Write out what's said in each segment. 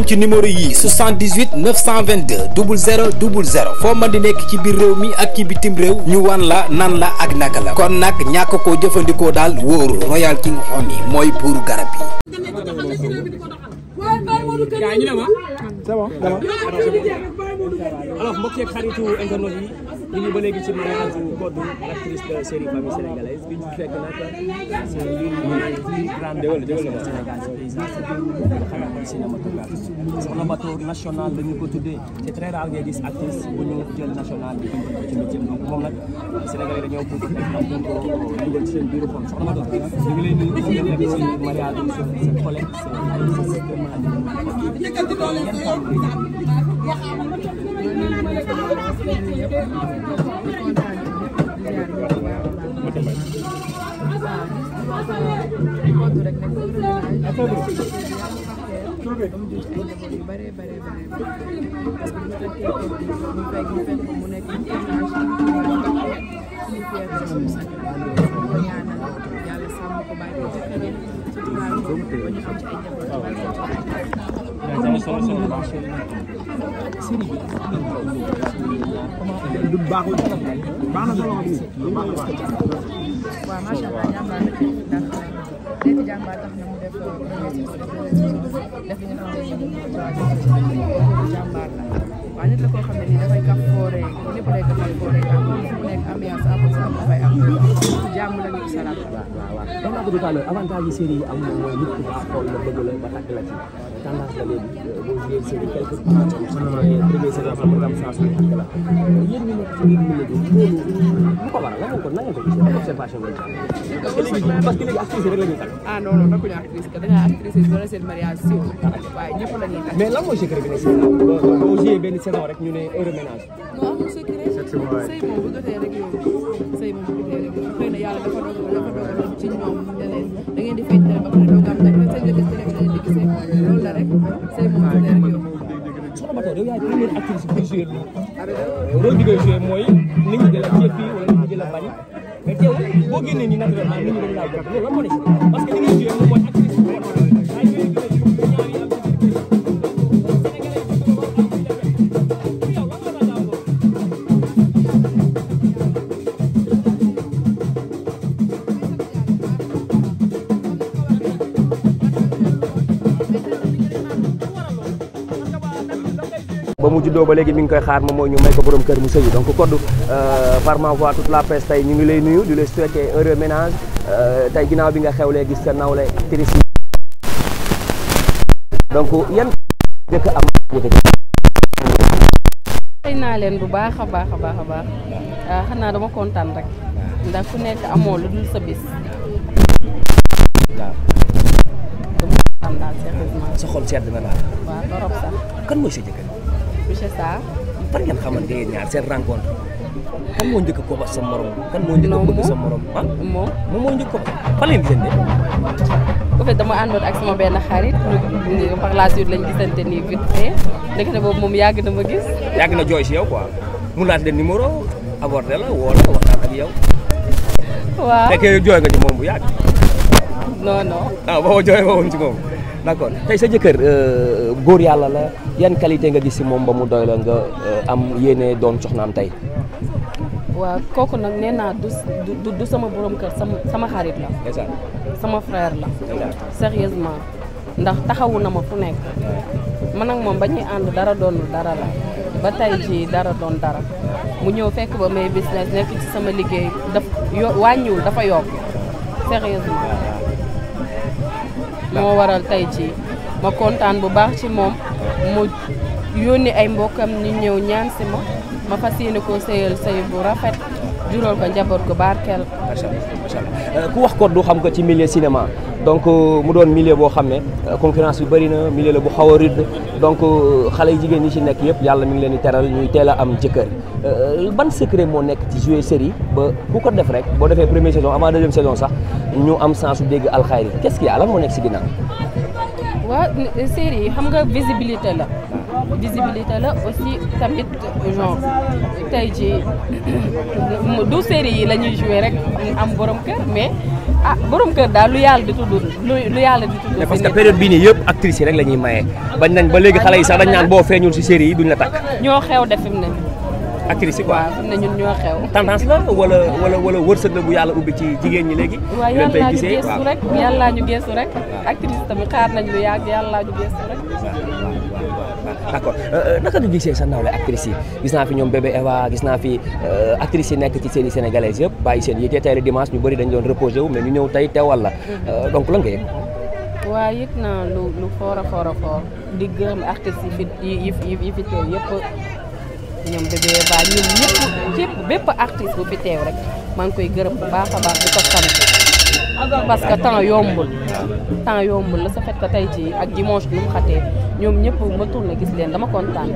moom ci numéro yii 78 922 00 00 foo mën di nekk ci biir réew mi ak ci bitim réew ñu wan la nan la ak naka la kon nak ñàkk koo jëfandikoo daal wóoru Royal King Honey mooy buuru garab yi. c'est bon. alors mbokk yeeg xaritu internet yi. ñu ngi ba léegi ci mariage bu Codou l'actrice de série famille sénégalaise bi ñu fekk nag c'est l'une grande actrice sénégalaise paysage xanaa cinématographie soxna bateau national dañu ko tuddee c'est très rare ngay gis actrice bu ñu jël national bi ci métier donc moom nag Sénégalais dañoo bëgg ndax dañ ko dugal ci seen biiru xol soxna bateau ñu ngi lay nuyu ñu nekk ci mariage bi seen collègue seen ay seen Yàlla sàmm ko bàyyi ko du baaxul baax na solo baax na baax waaw macha allah jàmbaar la ndax léegi jàmbaar tax na mu def def li nga xam ne wax naa ko tout à l'heure avantage yi série yi am moom mooy nit ku baax xool la bëgg la ba tàgg la ci tendance la léegi euh, boo joué série quelque ah, premier saison sax mu am chance ñu tàgg la yéen ñu nekk ci mbir mi léegi loolu lu ko waral lan ko nan ngeen ko gisee ak observation ngeen parce que léegi parce que léegi actrice rek la ñuy tàgg ah non non nekkuñu actrice que da nga actrice wala seen mariage siiw waaye ñëpp la ñuy tàgg mais lan mooy secret bi ne série boo joué benn saison rek ñu ne heure ménage non amul secret sëy moom bu jotee rek yow sëy moom bu jotee rek xëy na yàlla dafa dogal dafa dogal ci ñoom moom da ngeen di fecc ba pare doo ko am nag seen le bés bi di gisee loolu la rek sëy moom la rek yow. soxna Bator yow yaay première actrice bi joué rôle bi nga joué mooy nit ñi jël a jéppi wala nit ñi jël a bañ mais teewul boo génnee nii naturellement nit ñi dañu laa jàpp loolu lan moo ne parce que li ngay joué moom mooy ba mu juddoo ba léegi mi ngi koy xaar moom mooy ñu may ko borom kër mu sëyi donc Codou euh, par ma voix toute la presse tey ñu ngi lay nuyu di lay souhaiter heureux ménage euh, tey ginnaaw bi nga xewlee gis sa nawle tris donc yan njëkk naa leen bu baax a baax a baax a baax ah, xanaa dama kontaan rek ndax ku nekk amoo lu dul sa bis monsieur Sarr. fan ngeen xamante ne ñaar seen rencontre. kan moo njëkk a ko ba sa morom. kan moo njëkk a bëgg sa morom ah? moom moom moo njëkk ko fan leen gisante. bu fekkee dama àndoon ak sama benn xarit. par la suite lañ gisante nii vite fait. ndekete boobu moom yàgg na ma gis. yàgg na jooy si yow quoi mu laaj la a abordé la woo la waxtaan ak yow. waaw fekkee jooy no non. ah boo jooyee ma woon ci moom d' accord sa jëkkër euh, góor yàlla la yan qualité nga gis si moom ba mu doy la nga euh, am yéene doon soxnaam tey. waaw kooku nag nee naa du sama borom kër sama sama xarit la. sama frère la. sérieusement ndax taxawu na ma fu nekk. man ak moom ba ñuy ànd dara doon dara la ba tey jii dara doon dara mu ñëw fekk ba may business nekk ci sama liggéey daf wàññiwul dafa yokk sérieusement. moo waral tey jii ma kontaan bu baax ci moom mu yónni ay mbokkam ñu ñëw ñaan si ma ma fas yéene koo sëyal sëy bu rafet jural ko njaboot gu barkeel. macha allah macha euh, ku wax ko du xam ko ci millier cinéma donc euh, mu doon milieu boo xam ne euh, concurrence bi bëri na milieu la bu xaw a rude donc xale yu jigéen ñi ci nekk yëpp yàlla mi ngi leen di teral ñuy teel a am jëkkër ban secret moo nekk ci jouer série ba ku ko def rek boo defee première saison avant deuxième saison sax ñu am sens su dégg alxayri qu'est-ce lan moo nekk si ginnaaw. waa série yi xam nga visibilité la visibilité la aussi tamit genre tey ji du série yi la ñuy rek am borom kër mais ah borom kër daal lu yàlla di tudd lu yàlla di tudd parce que période bii nii yëpp actrices yi rek la ñuy maye bañ nañ ba léegi xale yi sax dañ naan boo feeñul si série yi duñ la takk ñoo xew defim ne actrice yi quoi waaw xam na ñun ñoo xew. tendance la wala wala wala wërsëg la bu yàlla ubbi ci jigéen ñi léegi. waaw yàlla ñu gëstu rek yàlla ñu gëstu rek. actrice tamit xaar nañ lu yàgg yàlla ñu gëstu rek. Euh, euh, naka nga gisee sa nawle actrice yi gis naa fi ñoom bébé Eva gis naa fi euh, actrice yi nekk ci série sénégalaise yëpp bàyyi seen yite tey la dimanche ñu bëri dañu doon reposé mais ñu ñëw tey teewal la donc lan nga yëg. waaw yëg naa lu lu foor a foor yëpp ñoom bébé ba ñoom ñëpp képp bépp artiste bu fi teew rek maa ngi koy gërëm bu baax a baax di ko sant parce que temps yombul temps yombul la sa fait que tey jii ak dimanche bi mu xatee ñoom ñëpp ma tourné gis leen dama kontaan.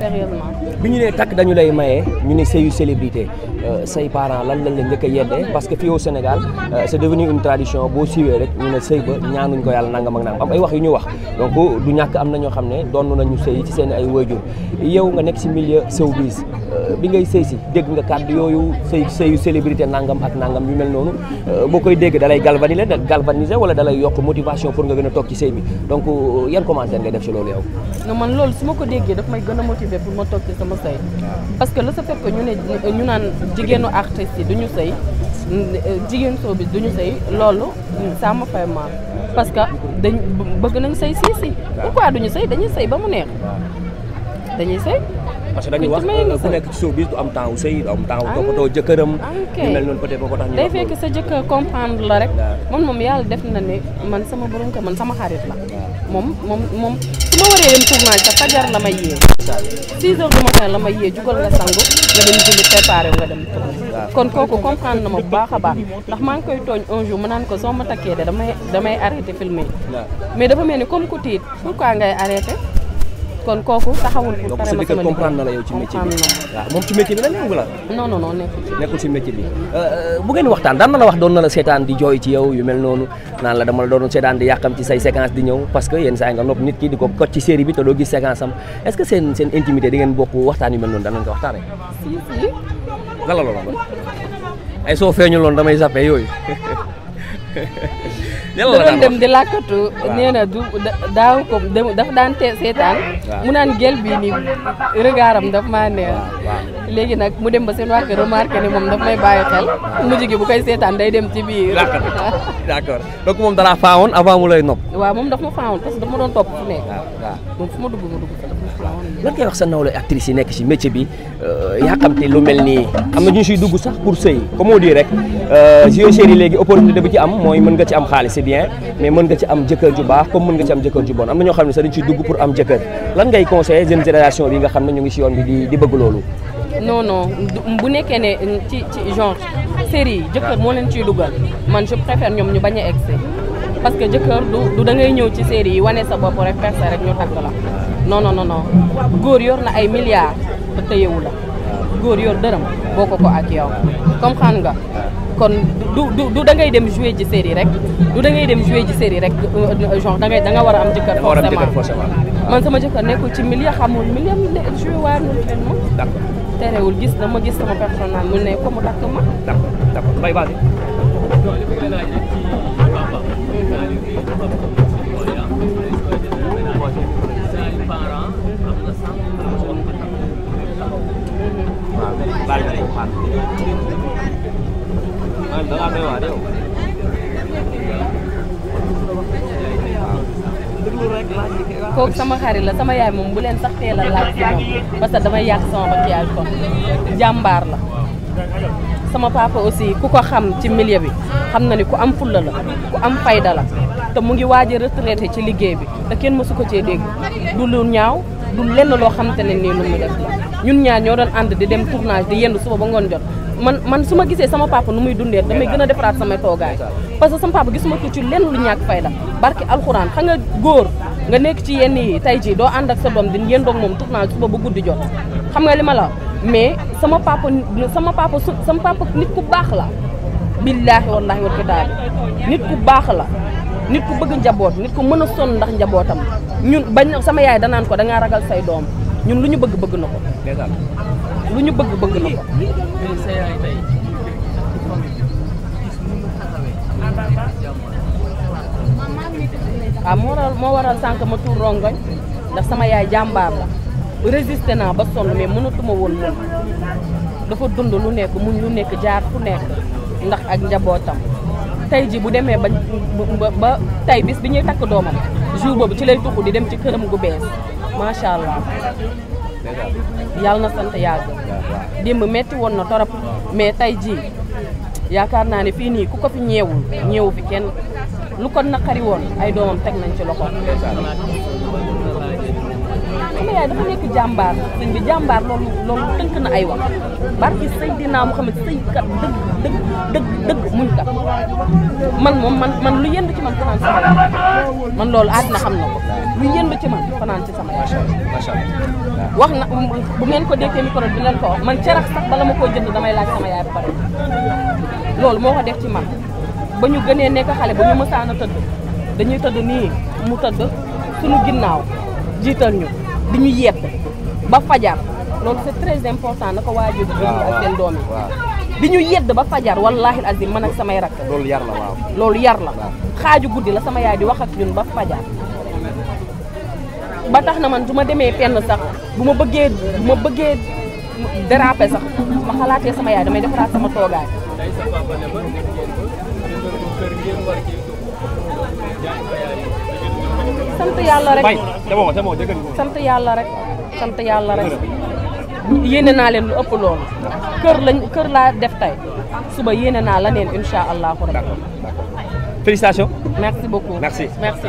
sérieusement. bi ñu nee takk dañu lay maye ñu ne sëyu célébrité euh, sey parent lan lañ la njëkk a yeddee parce que fii au Sénégal euh, c'est devenu une tradition boo siwee rek ñu ne sëy ba ñaanuñ ko yàlla nangam ak nangam am ay wax yu ñu wax donc du ñàkk am na ñoo xam ne doon nañu sëy ci seen ay waajur yow nga nekk si milieu showbiz euh, bi ngay sey si dégg nga kàddu yooyu sëy sëyu célébrité nangam ak nangam yu mel noonu boo koy dégg dalay galvaniser galvaniser wala dalay yokk motivation pour nga gën toog ci sëy bi donc yan ngay def ci loolu yow non man loolu su ma ko déggee daf may gën a motiver pour ma toog ci parce que le fait que ñu ne ñu naan jigéenu artistes yi duñu sëy jigéen soo bi duñu sëy loolu ça me parce que dañ bëgg nañ sëy sii si pourquoi duñu sëy dañuy say ba mu neex dañuy sëy parce que dañuy wax ku nekk ci showbiz du am temps wu sëy du am temps wu ah, toppatoo jëkkëram ñu ko tax ñu day fekk sa la rek man moom yàlla def na ne man sama borom man sama xarit la moom moom moom si ma waree dem tournage sa fajar la may yee. 6 heures du matin la may yee jugal nga sangu nga dem julli préparé nga dem kon kooku comprendre na ma bu baax a baax ndax maa ngi koy tooñ un jour ma naan ko soo ma takkee de damay damay arrêté filmer mais dafa mel ni comme ku tiit kaa ngay arrêté. kon kooku taxawul pour tere ma sama la yow ci métier bi moom ci métier bi la nekk la non nekkul ci métier bi euh, euh, bu ngeen waxtaan daan na la wax doon na la seetaan di jooy ci yow yu mel noonu naan la dama la doon seetaan di yàqam ci say séquence di ñëw parce que yénn saa nga nopp nit ki di ko kot ci série bi te doo gis séquence am est seen seen di ngeen bokk waxtaan yu mel noonu daan nañ ko waxtaanee si la loolu ay soo feeñu loolu damay zappé yooyu yàlla la dem di làkkatu. nee na du daaw ko dafa daan te seetaan. mu naan gel bii nii regardam daf maa neex. léegi nag mu dem ba seen wàkk remarqué ne moom daf may bàyyi xel. mujj gi bu koy seetaan day dem ci biir. làkkatu d' accord donc moom dara faawoon avant mu lay nopp. waaw moom daf ma faawoon parce que ma doon topp fu nekk. moom fu ma dugg ma dugg. emploi lan ngay wax sa nawle actrice yi nekk ci métier bi euh, yàqamte lu mel nii am na ñu siy dugg sax pour sëy comme on dit rek jeux chéri yi léegi opportunité bu ci am mooy mën nga ci am xaalis c'est bien mais mën nga ci am jëkkër ju baax comme mën nga ci am jëkkër ju bon am na ñoo xam ne sax dañ siy dugg pour am jëkkër lan ngay conseiller jeune génération bi nga xam ne ñu ngi si yoon bi di di bëgg loolu no non bu nekkee ne ci ci genre série yi jëkkër moo leen ciy dugal man je préfère ñoom ñu bañ parce que jëkkër du du da ngay ñëw ci série yi wane sa bopp rek percé rek ñu takk la non non non non góor yor na ay milliards te tëyewu la góor yor dërëm boo ko ko ak yow comme xam nga kon du du da ngay dem jouer ci série rek du da ngay dem jouer ci série rek euh, genre da ngay da nga war a am jëkkër forcément man sama jëkkër nekkul ci milieu xamul milieu jouer waar ñu fenn ma terewul gis na ma gis sama personnage mu ne ko mu takk ma kooku sama xarit la sama yaay moom bu leen sax teel a laaj parce que damay yàq sama maquillage ko jàmbaar la sama papa aussi ku ko xam ci milieu bi xam na ni ku am fulla la ku am fayda la te mu ngi waaj a retraité ci liggéey bi te kenn mësu ko cee dégg du lu ñaaw du lenn loo xamante ne ni lu mu ñun ñaar ñoo doon ànd di dem tournage di yenn suba ba ngoon jot man man su ma gisee sama papa nu muy dundee damay gën a defaraat samay toogaay parce que sama papa gisuma ko ci lenn lu ñàkk fayda barki alxuraan xam nga góor nga nekk ci yenn yi tey jii doo ànd ak sa doom di yendoog moom tournage suba ba guddi jot xam nga li ma la mais sama papa sama papa sama papa nit ku baax la billaahi wallaahi wal daal nit ku baax la nit ku bëgg njaboot nit ku mën a sonn ndax njabootam ñun bañ sama yaay danaan ko dangaa ragal say doom ñun lu ñu bëgg bëgg na ko lu ñu bëgg bëgg na ko waaw ah, moo waral moo waral sànq ma tuur rongoñ ndax sama yaay jàmbaar la résisté naa ba sonn mais mënatuma woon moom dafa dund lu nekk muñ lu nekk jaar fu nekk ndax ak njabootam tey jii bu demee ba ba tey bis bi ñuy takk doomam jour boobu ci lay tuxu di dem ci këram gu bees macha allah yàlla na sant yàgg démb metti woon na torop mais tey jii yaakaar naa ne fii nii ku ko fi ñeewul ñeewu fi kenn lu ko naqari woon ay doomam teg nañ ci loxo sama yaay dafa nekk jàmbaar sëñ bi jàmbaar loolu loolu tënk na ay wax barki sëñ dinaa moo xam ne sëñ kat dëgg dëgg dëgg dëgg muñ kat man moom man man lu yënd ci man fanaan sama yaay man loolu àddina xam na ko lu yënd ci fanaan ci sama yaay wax na bu ngeen ko déggee micro bi leen ko wax man cerax sax bala ma koo jënd damay laaj sama yaay ba pare loolu moo ko def ci man ba ñu gënee nekk xale ba ñu mësaan a tëdd dañuy tëdd nii mu tëdd suñu ginnaaw jiital ñu di ñu yett ba fajar loolu c'est très important na ko waajur bi ak di ñu yedd ba fajar wallaahi azim man ak samay rakk loolu yar la waaw loolu yar la xaaju guddi la sama yaay di wax ak ñun ba fajar ba tax na man su ma demee penn sax bu ma bëggee bu ma sax ma xalaatee sama yaay damay defaraat sama toogaay day sant yàlla rek sant yàlla rek sant yàlla rek yéene naa leen lu ëpp loolu kër lañ kër laa def tey suba yéene naa la neen incha allahu rabi. merci beaucoup merci merci